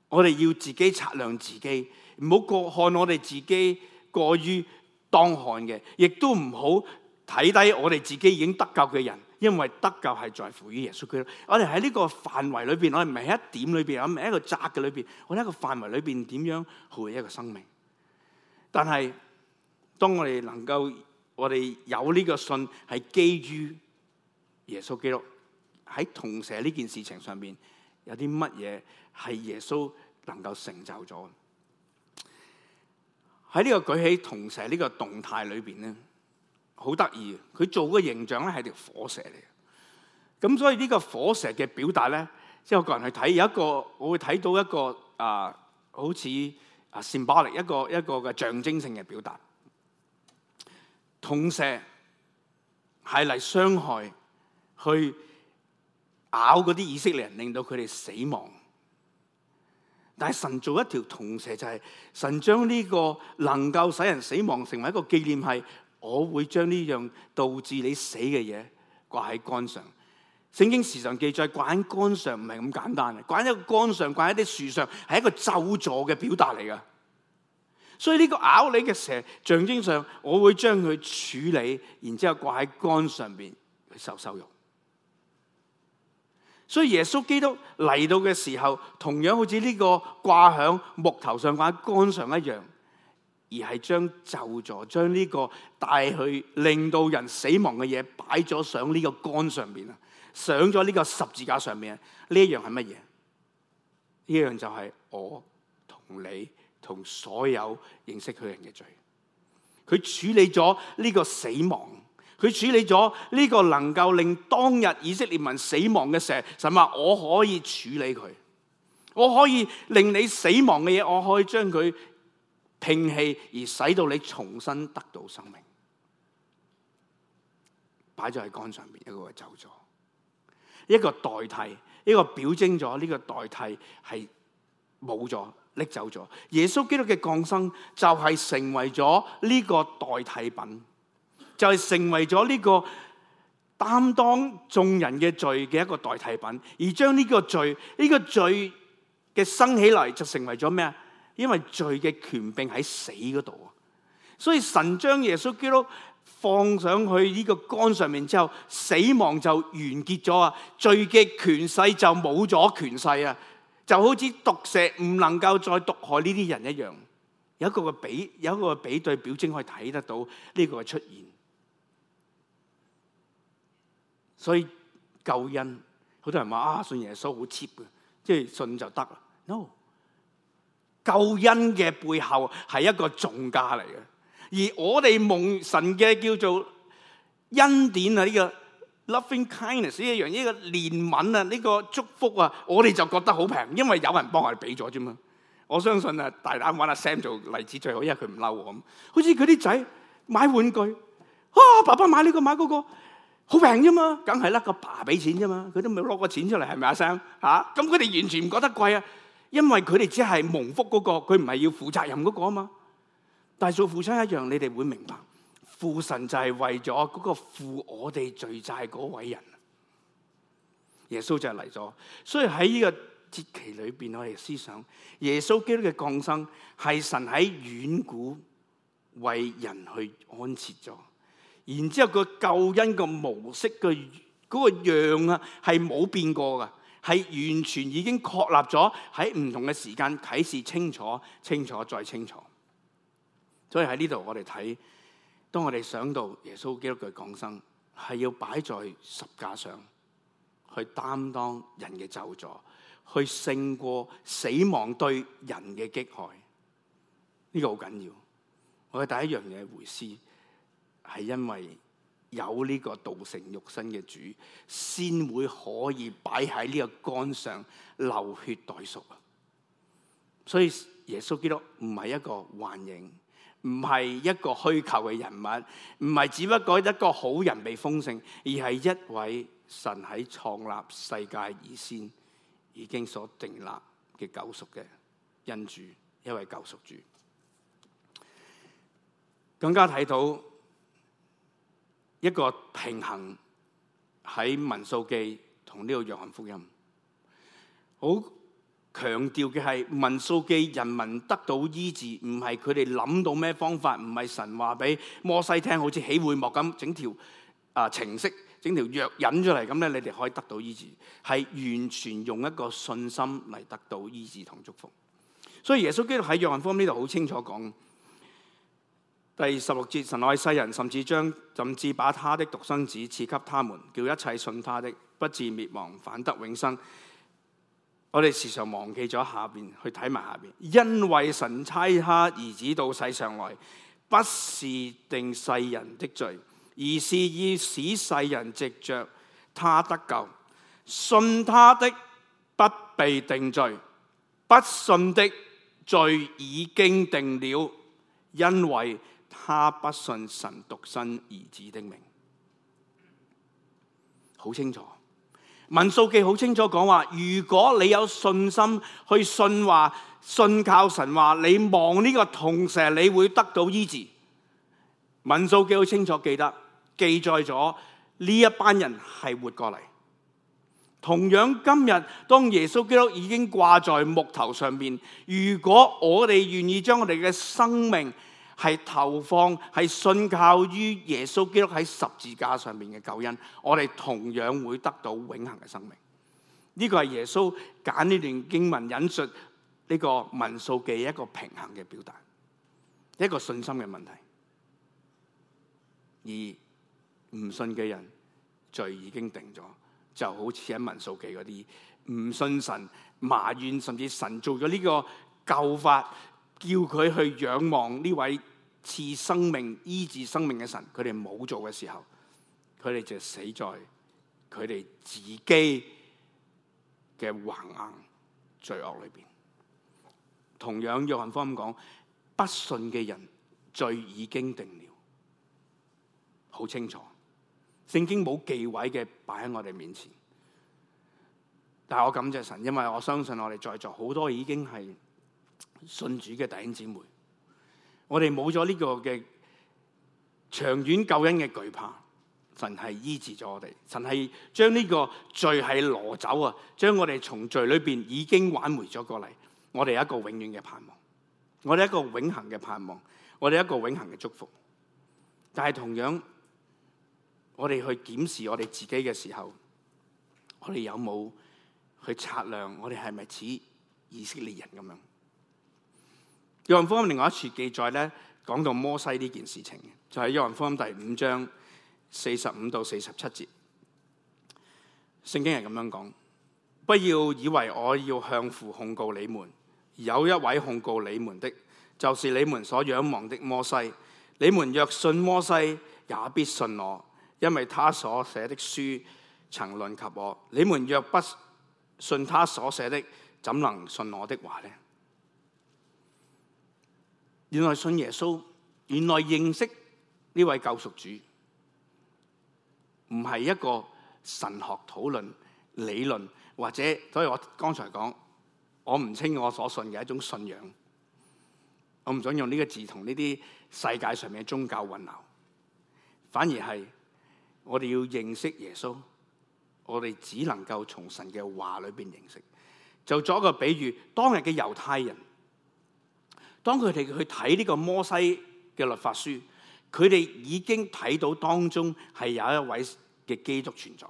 我哋要自己測量自己，唔好過看我哋自己過於當看嘅，亦都唔好。睇低我哋自己已經得救嘅人，因為得救係在乎於耶穌基督。我哋喺呢個範圍裏邊，我哋唔係一點裏邊，我唔係一個窄嘅裏邊，我喺一個範圍裏邊點樣活一個生命？但係當我哋能夠，我哋有呢個信，係基於耶穌基督，喺銅蛇呢件事情上邊，有啲乜嘢係耶穌能夠成就咗？喺呢個舉起銅蛇呢個動態裏邊咧。好得意佢做嘅形象咧，係條火蛇嚟嘅，咁所以呢個火蛇嘅表達咧，即係我個人去睇有一個，我會睇到一個啊，好似啊 symbolic 一個一個嘅象徵性嘅表達，銅蛇係嚟傷害、去咬嗰啲以色列人，令到佢哋死亡。但係神做一條銅蛇就係神將呢個能夠使人死亡，成為一個紀念係。我會將呢樣導致你死嘅嘢掛喺杆上。聖經時常記載掛喺杆上唔係咁簡單嘅，掛喺個杆上，掛喺啲樹上係一個咒詛嘅表達嚟噶。所以呢個咬你嘅蛇象徵上，我會將佢處理，然之後掛喺杆上邊去受羞辱。所以耶穌基督嚟到嘅時候，同樣好似呢個掛喺木頭上，掛喺杆上一樣。而係將就助將呢個帶去令到人死亡嘅嘢擺咗上呢個杆上面，啊，上咗呢個十字架上面。啊，呢一樣係乜嘢？呢樣就係我同你同所有認識佢人嘅罪。佢處理咗呢個死亡，佢處理咗呢個能夠令當日以色列民死亡嘅蛇，神話我可以處理佢，我可以令你死亡嘅嘢，我可以將佢。摒棄而使到你重新得到生命，擺咗喺杆上邊，一個走咗，一個代替，一個表徵咗，呢、這個代替係冇咗，拎走咗。耶穌基督嘅降生就係成為咗呢個代替品，就係、是、成為咗呢個擔當眾人嘅罪嘅一個代替品，而將呢個罪，呢、這個罪嘅生起嚟，就成為咗咩啊？因為罪嘅權柄喺死嗰度啊，所以神將耶穌基督放上去呢個杆上面之後，死亡就完結咗啊，罪嘅權勢就冇咗權勢啊，就好似毒蛇唔能夠再毒害呢啲人一樣。有一個比有一個比對表徵可以睇得到呢個嘅出現。所以救恩，好多人話啊，信耶穌好 cheap 嘅，即係信就得啦，no。救恩嘅背後係一個重價嚟嘅，而我哋蒙神嘅，叫做恩典啊，呢個 loving kindness 呢樣呢個憐憫啊，呢個祝福啊，我哋就覺得好平，因為有人幫我哋俾咗啫嘛。我相信啊，大膽揾阿 Sam 做例子最好，因為佢唔嬲我咁。好似佢啲仔買玩具，啊爸爸，買呢個買嗰個好平啫嘛，梗係甩個爸俾錢啫嘛，佢都未攞過錢出嚟，係咪阿 Sam？吓，咁佢哋完全唔覺得貴啊。因為佢哋只係蒙福嗰個，佢唔係要負責任嗰個啊嘛。但係做父親一樣，你哋會明白父神就係為咗嗰個負我哋罪債嗰位人，耶穌就嚟咗。所以喺呢個節期裏邊，我哋思想耶穌基督嘅降生係神喺遠古為人去安設咗，然之後個救恩個模式嘅嗰個樣啊，係冇變過噶。係完全已經確立咗，喺唔同嘅時間啟示清楚、清楚再清楚。所以喺呢度我哋睇，當我哋想到耶穌基督嘅降生，係要擺在十架上，去擔當人嘅咒詛，去勝過死亡對人嘅擊害。呢、這個好緊要。我嘅第一樣嘢回事，係因為。有呢個道成肉身嘅主，先會可以擺喺呢個桿上流血代贖啊！所以耶穌基督唔係一個幻影，唔係一個虛構嘅人物，唔係只不過一個好人被封聖，而係一位神喺創立世界以先已經所定立嘅救贖嘅恩主，一位救贖主。更加睇到。一個平衡喺民數記同呢個約翰福音，好強調嘅係民數記人民得到醫治，唔係佢哋諗到咩方法，唔係神話俾摩西聽好似起會幕咁整條啊程式，整條藥引咗嚟咁咧，你哋可以得到醫治，係完全用一個信心嚟得到醫治同祝福。所以耶穌基督喺約翰福音呢度好清楚講。第十六節，神愛世人，甚至將甚至把他的獨生子賜給他們，叫一切信他的不至滅亡，反得永生。我哋時常忘記咗下邊，去睇埋下邊。因為神差他兒子到世上來，不是定世人的罪，而是以使世人藉着他得救。信他的不被定罪，不信的罪已經定了，因為。他不信神獨生兒子的名，好清楚。民數記好清楚講話，如果你有信心去信話，信靠神話，你望呢個銅蛇，你會得到醫治。民數記好清楚記得記載咗呢一班人係活過嚟。同樣今日，當耶穌基督已經掛在木頭上面，如果我哋願意將我哋嘅生命，係投放，係信靠於耶穌基督喺十字架上面嘅救恩，我哋同樣會得到永恆嘅生命。呢、這個係耶穌揀呢段經文引述呢個民數記一個平衡嘅表達，一個信心嘅問題。而唔信嘅人罪已經定咗，就好似喺民數記嗰啲唔信神埋怨，甚至神做咗呢個救法，叫佢去仰望呢位賜生命醫治生命嘅神，佢哋冇做嘅時候，佢哋就死在佢哋自己嘅橫硬罪惡裏邊。同樣，約翰福音咁講，不信嘅人罪已經定了，好清楚。聖經冇忌諱嘅擺喺我哋面前，但我感謝神，因為我相信我哋在座好多已經係信主嘅弟兄姊妹。我哋冇咗呢個嘅長遠救恩嘅懼怕，神係醫治咗我哋，神係將呢個罪係攞走啊！將我哋從罪裏邊已經挽回咗過嚟，我哋一個永遠嘅盼望，我哋一個永恆嘅盼望，我哋一個永恆嘅祝福。但係同樣，我哋去檢視我哋自己嘅時候，我哋有冇去測量，我哋係咪似以色列人咁樣？約翰福音另外一次記載咧，講到摩西呢件事情，就係約翰福音第五章四十五到四十七節。聖經係咁樣講：不要以為我要向父控告你們，有一位控告你們的，就是你們所仰望的摩西。你們若信摩西，也必信我，因為他所寫的書曾論及我。你們若不信他所寫的，怎能信我的話呢？原來信耶穌，原來認識呢位救贖主，唔係一個神學討論、理論或者，所以我剛才講，我唔清我所信嘅一種信仰。我唔想用呢個字同呢啲世界上面嘅宗教混淆，反而係我哋要認識耶穌，我哋只能夠從神嘅話裏邊認識。就做一個比喻，當日嘅猶太人。當佢哋去睇呢個摩西嘅律法書，佢哋已經睇到當中係有一位嘅基督存在。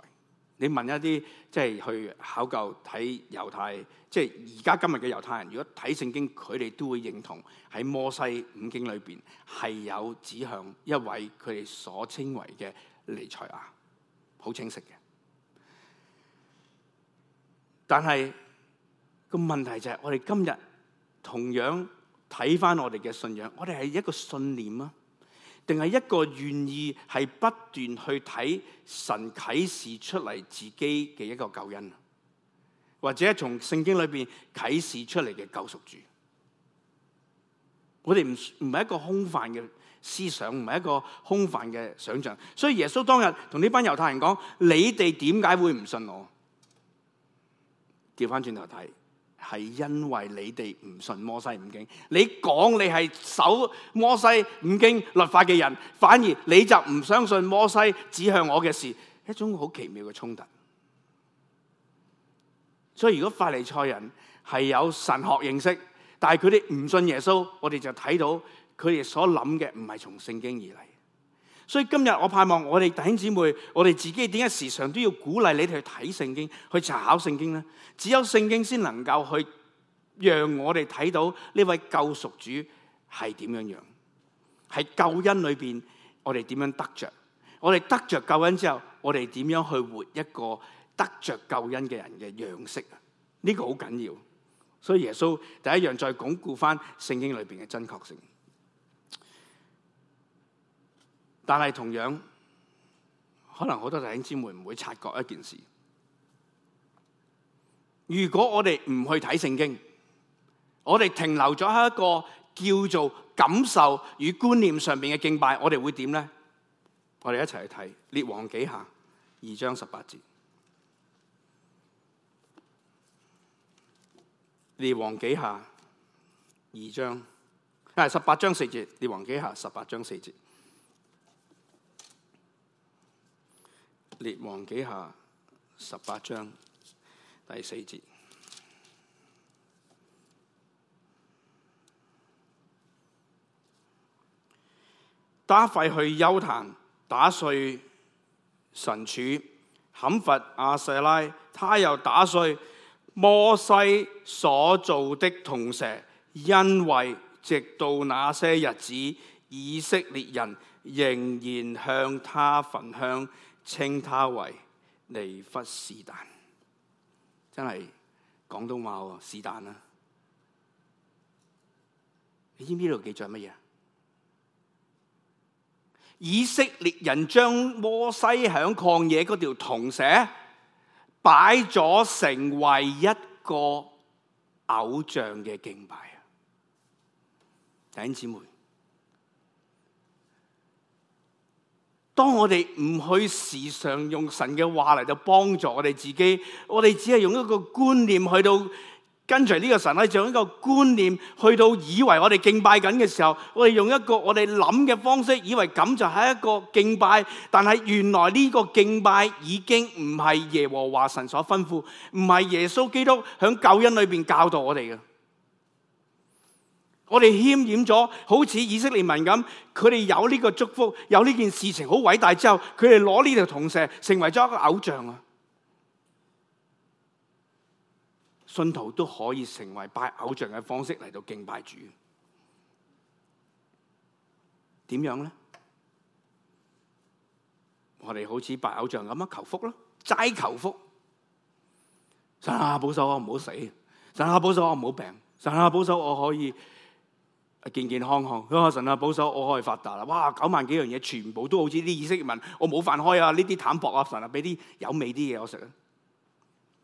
你問一啲即係去考究睇猶太，即係而家今日嘅猶太人，如果睇聖經，佢哋都會認同喺摩西五經裏邊係有指向一位佢哋所稱為嘅彌賽亞，好清晰嘅。但係個問題就係我哋今日同樣。睇翻我哋嘅信仰，我哋係一個信念啊，定係一個願意係不斷去睇神啟示出嚟自己嘅一個救恩，或者從聖經裏邊啟示出嚟嘅救贖主。我哋唔唔係一個空泛嘅思想，唔係一個空泛嘅想象，所以耶穌當日同呢班猶太人講：你哋點解會唔信我？掉翻轉頭睇。係因為你哋唔信摩西五經，你講你係守摩西五經律法嘅人，反而你就唔相信摩西指向我嘅事，一種好奇妙嘅衝突。所以如果法利賽人係有神學認識，但係佢哋唔信耶穌，我哋就睇到佢哋所諗嘅唔係從聖經而嚟。所以今日我盼望我哋弟兄姊妹，我哋自己點解時常都要鼓勵你哋去睇聖經、去查考聖經咧？只有聖經先能夠去讓我哋睇到呢位救贖主係點樣樣，喺救恩裏邊我哋點樣得着？我哋得着救恩之後，我哋點樣去活一個得着救恩嘅人嘅樣式啊？呢個好緊要，所以耶穌第一樣再鞏固翻聖經裏邊嘅真確性。但係同樣，可能好多弟兄姊妹唔會察覺一件事。如果我哋唔去睇聖經，我哋停留咗喺一個叫做感受與觀念上面嘅敬拜，我哋會點呢？我哋一齊去睇列王紀下二章十八節。列王紀下二章，係十八章四節。列王紀下十八章四節。列王記下十八章第四節，打廢去邱壇，打碎神柱，砍伐亞舍拉，他又打碎摩西所造的銅蛇，因為直到那些日子，以色列人，仍然向他焚香，稱他為尼弗士但，真係廣東話喎，是但啦。你知唔知呢度記載乜嘢？以色列人將摩西喺曠野嗰條銅蛇擺咗成為一個偶像嘅敬拜啊！弟兄姊妹。當我哋唔去時常用神嘅話嚟到幫助我哋自己，我哋只係用一個觀念去到跟隨呢個神，就用一個觀念去到以為我哋敬拜緊嘅時候，我哋用一個我哋諗嘅方式，以為咁就係一個敬拜，但係原來呢個敬拜已經唔係耶和華神所吩咐，唔係耶穌基督響救恩裏面教導我哋嘅。我哋沾染咗好似以色列民咁，佢哋有呢個祝福，有呢件事情好偉大之後，佢哋攞呢條銅蛇成為咗一個偶像啊！信徒都可以成為拜偶像嘅方式嚟到敬拜主，點樣咧？我哋好似拜偶像咁啊，求福咯，齋求福，神啊，保守我唔好死，神啊，保守我唔好病，神啊，保守我可以，健健康康，啊、哦、神啊，保守我可以發達啦！哇，九萬幾樣嘢全部都好似啲異色文，我冇飯開啊！呢啲淡薄啊，神啊，俾啲有味啲嘢我食啊！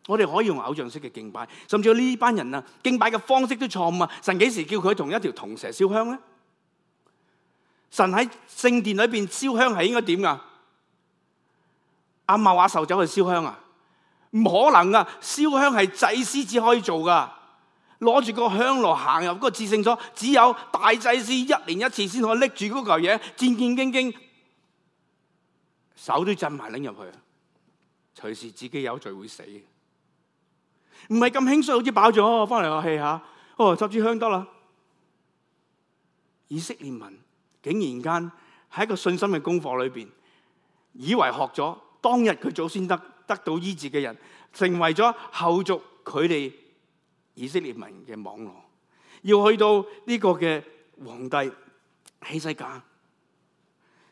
我哋可以用偶像式嘅敬拜，甚至呢班人啊，敬拜嘅方式都錯誤啊！神幾時叫佢同一條銅蛇燒香咧？神喺聖殿裏邊燒香係應該點啊？阿茂阿壽走去燒香啊？唔可能啊！燒香係祭司至可以做噶。攞住個香爐行入嗰個至聖所，只有大祭司一年一次先可拎住嗰嚿嘢，戰戰兢兢，手都震埋拎入去，隨時自己有罪會死，唔係咁輕鬆，好似飽咗翻嚟我戲下，哦，執支、啊哦、香得啦，以色列民竟然間喺一個信心嘅功課裏面，以為學咗當日佢祖先得得到醫治嘅人，成為咗後續佢哋。以色列民嘅網絡，要去到呢個嘅皇帝希西家，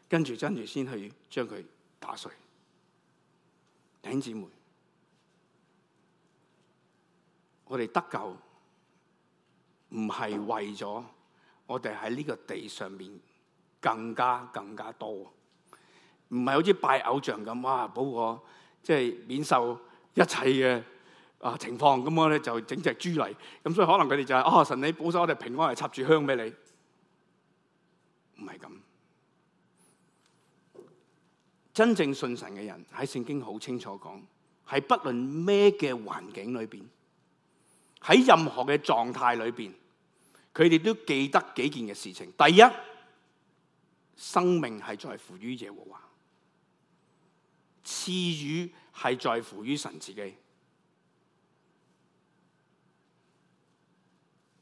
跟住跟住先去將佢打碎。弟兄姊妹，我哋得救唔係為咗我哋喺呢個地上面更加更加多，唔係好似拜偶像咁，啊，保我即係、就是、免受一切嘅。啊情況，咁我哋就整隻豬嚟，咁所以可能佢哋就係、是、啊，神你保守我哋平安，嚟插住香俾你，唔係咁。真正信神嘅人喺聖經好清楚講，係不論咩嘅環境裏邊，喺任何嘅狀態裏邊，佢哋都記得幾件嘅事情。第一，生命係在乎於耶和華，賜予係在乎於神自己。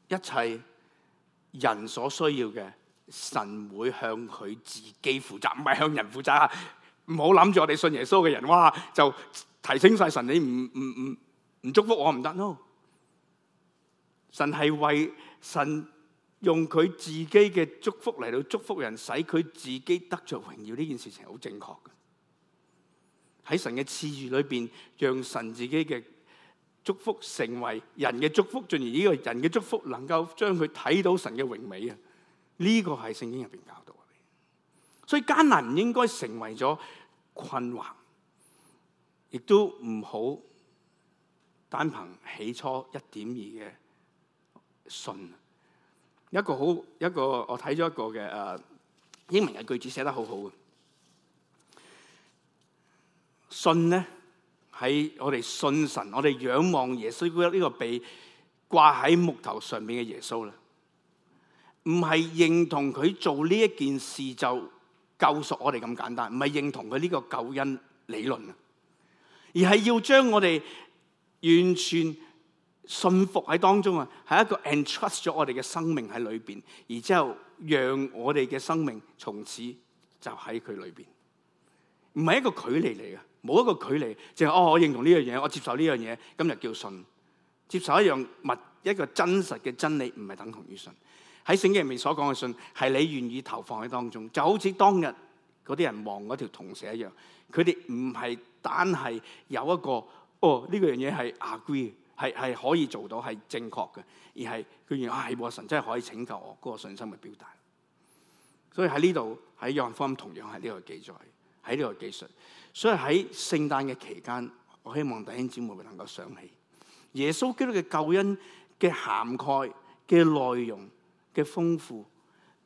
一切人所需要嘅，神會向佢自己負責，唔係向人負責啊！唔好諗住我哋信耶穌嘅人，哇，就提醒晒神，你唔唔唔唔祝福我唔得咯。神係為神用佢自己嘅祝福嚟到祝福人，使佢自己得着榮耀呢件事情好正確嘅。喺神嘅賜予裏邊，讓神自己嘅。祝福成為人嘅祝福，進而呢個人嘅祝福能夠將佢睇到神嘅榮美啊！呢、這個係聖經入邊教導啊！所以艱難唔應該成為咗困惑，亦都唔好單憑起初一點二嘅信。一個好一個我睇咗一個嘅誒、啊、英文嘅句子寫得好好啊！信呢？喺我哋信神，我哋仰望耶穌呢個被掛喺木頭上面嘅耶穌咧，唔係認同佢做呢一件事就救贖我哋咁簡單，唔係認同佢呢個救恩理論，啊，而係要將我哋完全信服喺當中啊，係一個 entrust 咗我哋嘅生命喺裏邊，然之後讓我哋嘅生命從此就喺佢裏邊，唔係一個距離嚟嘅。冇一個距離，就係哦，我認同呢樣嘢，我接受呢樣嘢，噉就叫信接受一樣物，一個真實嘅真理，唔係等同於信喺聖經入面所講嘅信，係你願意投放喺當中，就好似當日嗰啲人望嗰條銅蛇一樣，佢哋唔係單係有一個哦呢、這個樣嘢係 agree 係係可以做到係正確嘅，而係佢願意係喎神真係可以拯救我嗰、那個信心嘅表達。所以喺呢度喺約翰福音同樣係呢個記載喺呢個記述。所以喺聖誕嘅期間，我希望弟兄姊妹能夠想起耶穌基督嘅救恩嘅涵蓋嘅內容嘅豐富，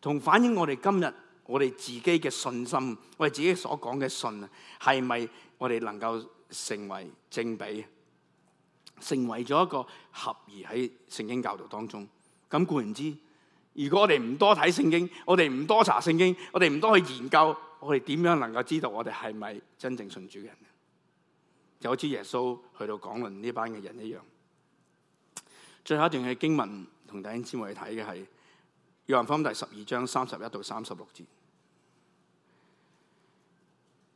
同反映我哋今日我哋自己嘅信心，我哋自己所講嘅信係咪我哋能夠成為正比，成為咗一個合宜喺聖經教導當中？咁固然之，如果我哋唔多睇聖經，我哋唔多查聖經，我哋唔多去研究。我哋點樣能夠知道我哋係咪真正信主嘅人呢？就好似耶穌去到講論呢班嘅人一樣。最後一段嘅經文同弟兄姊妹睇嘅係《約翰福音》第十二章三十一到三十六節。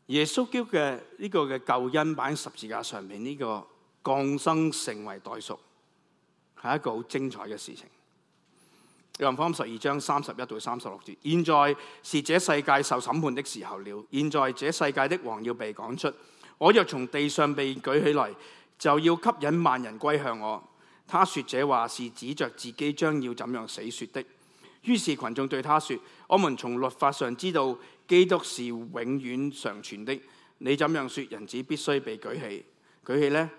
耶穌叫嘅呢個嘅救恩版十字架上面呢，這個降生成為代贖，係一個好精彩嘅事情。約翰福音十二章三十一到三十六節：現在是這世界受審判的時候了，現在這世界的王要被趕出。我若從地上被舉起來，就要吸引萬人歸向我。他說這話是指着自己將要怎樣死說的。於是群眾對他說：我們從律法上知道基督是永遠常存的，你怎樣說，人子必須被舉起，舉起呢？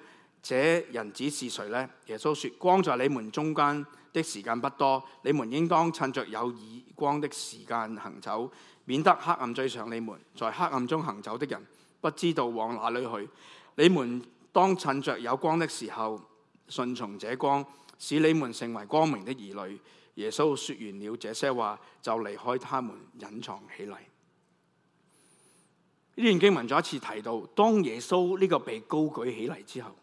這人子是誰呢？耶穌說：光在你們中間的時間不多，你們應當趁着有光的時間行走，免得黑暗追上你們。在黑暗中行走的人，不知道往哪裏去。你們當趁着有光的時候，順從這光，使你們成為光明的兒女。耶穌說完了這些話，就離開他們，隱藏起嚟。呢段經文再一次提到，當耶穌呢個被高舉起嚟之後。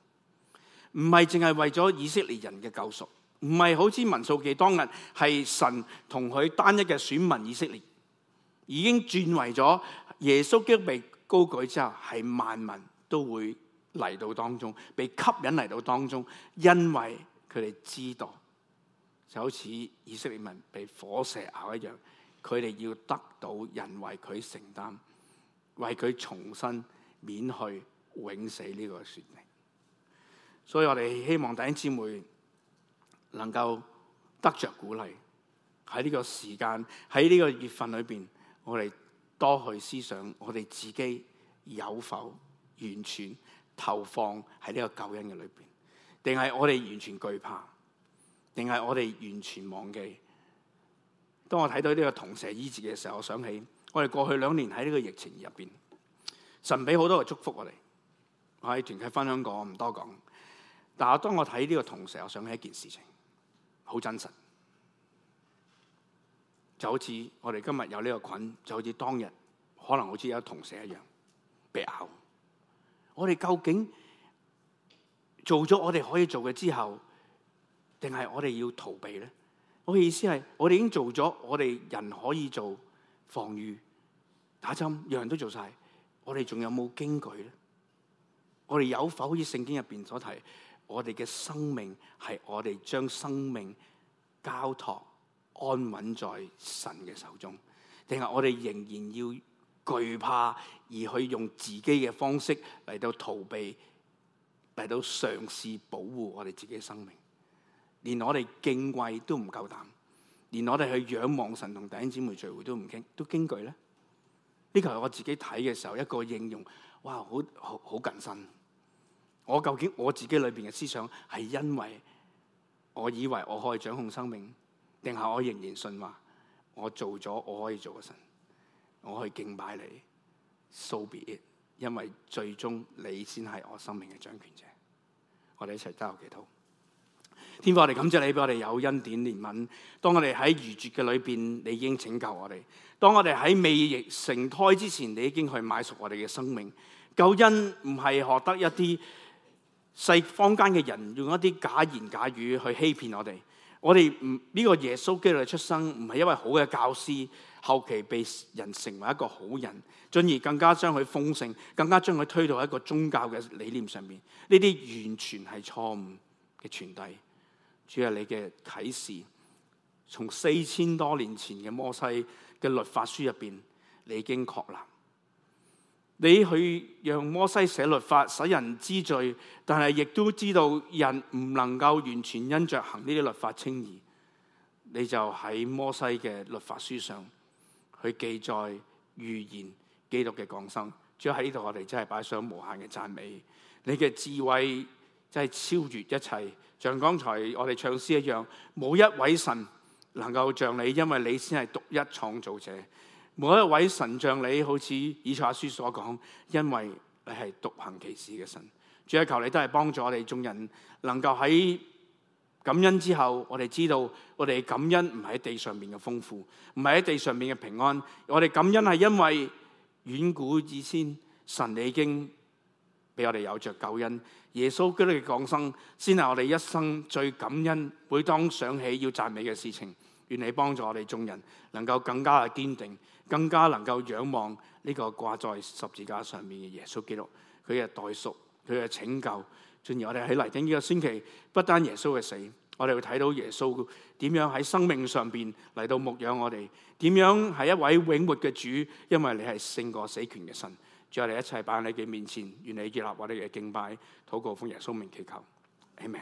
唔係淨係為咗以色列人嘅救贖，唔係好似民數記當日係神同佢單一嘅選民以色列，已經轉為咗耶穌基督被高舉之後，係萬民都會嚟到當中，被吸引嚟到當中，因為佢哋知道就好似以色列民被火蛇咬一樣，佢哋要得到人為佢承擔，為佢重新免去永死呢個算命。所以我哋希望弟兄姊妹能夠得着鼓勵，喺呢個時間，喺呢個月份裏邊，我哋多去思想我哋自己有否完全投放喺呢個救恩嘅裏邊，定係我哋完全懼怕，定係我哋完全忘記。當我睇到呢個銅蛇醫治嘅時候，我想起我哋過去兩年喺呢個疫情入邊，神俾好多嘅祝福我哋。我喺團契分享過，我唔多講。但係當我睇呢個銅蛇，我想起一件事情，好真實，就好似我哋今日有呢個菌，就好似當日可能好似有銅蛇一樣被咬。我哋究竟做咗我哋可以做嘅之後，定係我哋要逃避咧？我嘅意思係，我哋已經做咗我哋人可以做防禦、打針，樣樣都做晒。我哋仲有冇驚懼咧？我哋有否好似聖經入邊所提？我哋嘅生命係我哋將生命交託安穩在神嘅手中，定係我哋仍然要懼怕而去用自己嘅方式嚟到逃避，嚟到嘗試保護我哋自己嘅生命。連我哋敬畏都唔夠膽，連我哋去仰望神同弟兄姊妹聚會都唔驚，都驚懼咧？呢、這個係我自己睇嘅時候一個應用，哇，好好好近身。我究竟我自己裏邊嘅思想係因為我以為我可以掌控生命，定係我仍然信話我做咗我可以做個神，我去敬拜你，so be it，因為最終你先係我生命嘅掌權者。我哋一齊低頭祈禱。天父，我哋感謝你俾我哋有恩典憐憫。當我哋喺愚拙嘅裏邊，你已經拯救我哋；當我哋喺未成胎之前，你已經去買贖我哋嘅生命。救恩唔係學得一啲。世坊間嘅人用一啲假言假語去欺騙我哋，我哋唔呢個耶穌基督嘅出生唔係因為好嘅教師，後期被人成為一個好人，進而更加將佢封聖，更加將佢推到一個宗教嘅理念上面。呢啲完全係錯誤嘅傳遞。主要係你嘅啟示，從四千多年前嘅摩西嘅律法書入邊，你已經確立。你去讓摩西寫律法，使人知罪，但係亦都知道人唔能夠完全因着行呢啲律法稱義，你就喺摩西嘅律法書上，去記載預言基督嘅降生。主要喺呢度，我哋真係擺上無限嘅讚美。你嘅智慧真係超越一切，像剛才我哋唱詩一樣，冇一位神能夠像你，因為你先係獨一創造者。每一位神像你，好似以賽亞書所講，因為你係獨行其事嘅神。主啊，求你都係幫助我哋眾人，能夠喺感恩之後，我哋知道我哋感恩唔係喺地上面嘅豐富，唔係喺地上面嘅平安。我哋感恩係因為遠古以先神你已經俾我哋有着救恩。耶穌基督嘅降生，先係我哋一生最感恩。每當想起要讚美嘅事情，願你幫助我哋眾人，能夠更加嘅堅定。更加能夠仰望呢個掛在十字架上面嘅耶穌基督，佢嘅代贖，佢嘅拯救。進而我哋喺嚟緊呢個星期，不單耶穌嘅死，我哋會睇到耶穌點樣喺生命上邊嚟到牧養我哋，點樣係一位永活嘅主，因為你係勝過死權嘅神。在我哋一齊擺喺你嘅面前，願你建立我哋嘅敬拜，禱告奉耶穌名祈求，阿門。